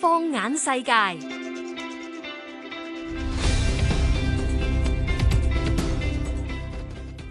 放眼世界，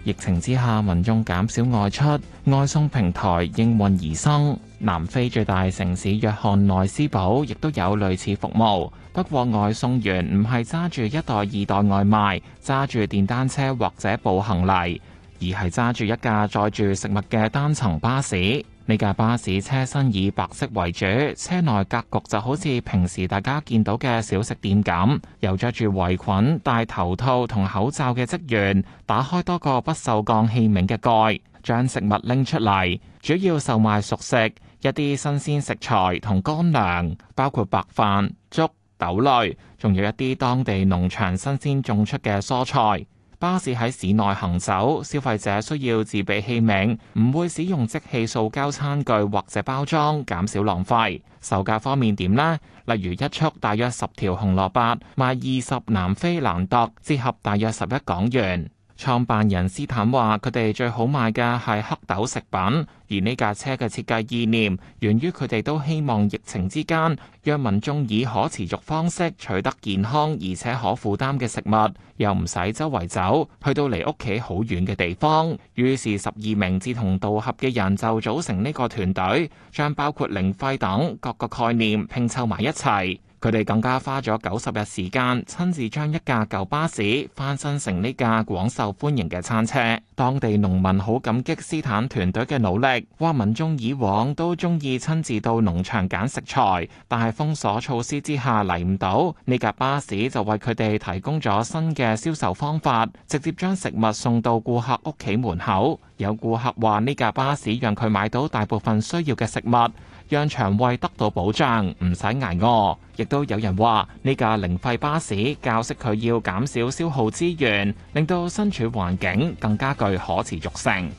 疫情之下，民眾減少外出，外送平台應運而生。南非最大城市約翰內斯堡亦都有類似服務，不過外送員唔係揸住一袋、二袋外賣，揸住電單車或者步行嚟，而係揸住一架載住食物嘅單層巴士。呢架巴士車身以白色為主，車內格局就好似平時大家見到嘅小食店咁，有着住圍裙、戴頭套同口罩嘅職員，打開多個不鏽鋼器皿嘅蓋，將食物拎出嚟，主要售賣熟食，一啲新鮮食材同乾糧，包括白飯、粥、豆類，仲有一啲當地農場新鮮種出嘅蔬菜。巴士喺市內行走，消費者需要自備器皿，唔會使用即棄塑膠餐具或者包裝，減少浪費。售價方面點呢？例如一束大約十條紅蘿蔔，賣二十南非蘭特，折合大約十一港元。創辦人斯坦話：佢哋最好賣嘅係黑豆食品，而呢架車嘅設計意念，源於佢哋都希望疫情之間，讓民眾以可持續方式取得健康而且可負擔嘅食物，又唔使周圍走，去到離屋企好遠嘅地方。於是十二名志同道合嘅人就組成呢個團隊，將包括零廢等各個概念拼湊埋一齊。佢哋更加花咗九十日時間親自將一架舊巴士翻新成呢架廣受歡迎嘅餐車，當地農民好感激斯坦團隊嘅努力。話民眾以往都中意親自到農場揀食材，但係封鎖措施之下嚟唔到。呢架巴士就為佢哋提供咗新嘅銷售方法，直接將食物送到顧客屋企門口。有顧客話：呢架巴士讓佢買到大部分需要嘅食物，讓腸胃得到保障，唔使捱餓。亦都有人話呢架零廢巴士教識佢要減少消耗資源，令到身處環境更加具可持續性。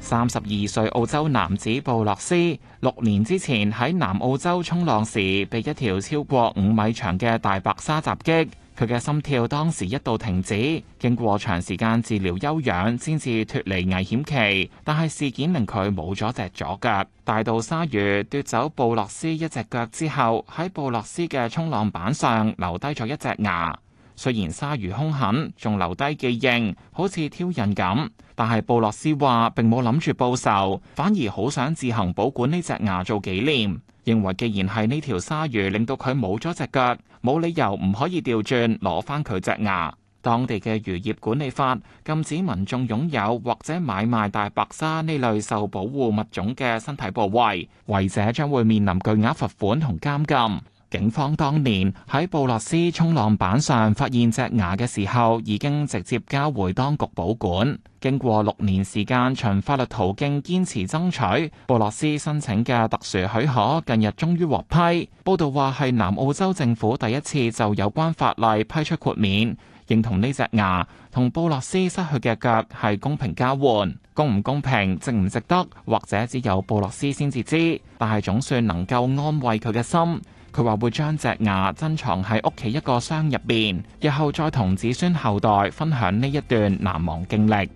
三十二歲澳洲男子布洛斯六年之前喺南澳洲沖浪時，被一條超過五米長嘅大白鯊襲擊。佢嘅心跳當時一度停止，經過長時間治療休養，先至脫離危險期。但係事件令佢冇咗隻左腳。大道鯊魚奪走布洛斯一隻腳之後，喺布洛斯嘅沖浪板上留低咗一隻牙。雖然鯊魚兇狠，仲留低記認，好似挑釁咁，但係布洛斯話並冇諗住報仇，反而好想自行保管呢隻牙做紀念。認為既然係呢條鯊魚令到佢冇咗隻腳，冇理由唔可以掉轉攞返佢隻牙。當地嘅漁業管理法禁止民眾擁有或者買賣大白鯊呢類受保護物種嘅身體部位，違者將會面臨巨額罰款同監禁。警方當年喺布洛斯沖浪板上發現隻牙嘅時候，已經直接交回當局保管。經過六年時間，循法律途徑堅持爭取，布洛斯申請嘅特殊許可，近日終於獲批。報道話係南澳洲政府第一次就有關法例批出豁免，認同呢隻牙同布洛斯失去嘅腳係公平交換。公唔公平，值唔值得，或者只有布洛斯先至知，但係總算能夠安慰佢嘅心。佢話會將隻牙珍藏喺屋企一個箱入邊，日後再同子孫後代分享呢一段難忘經歷。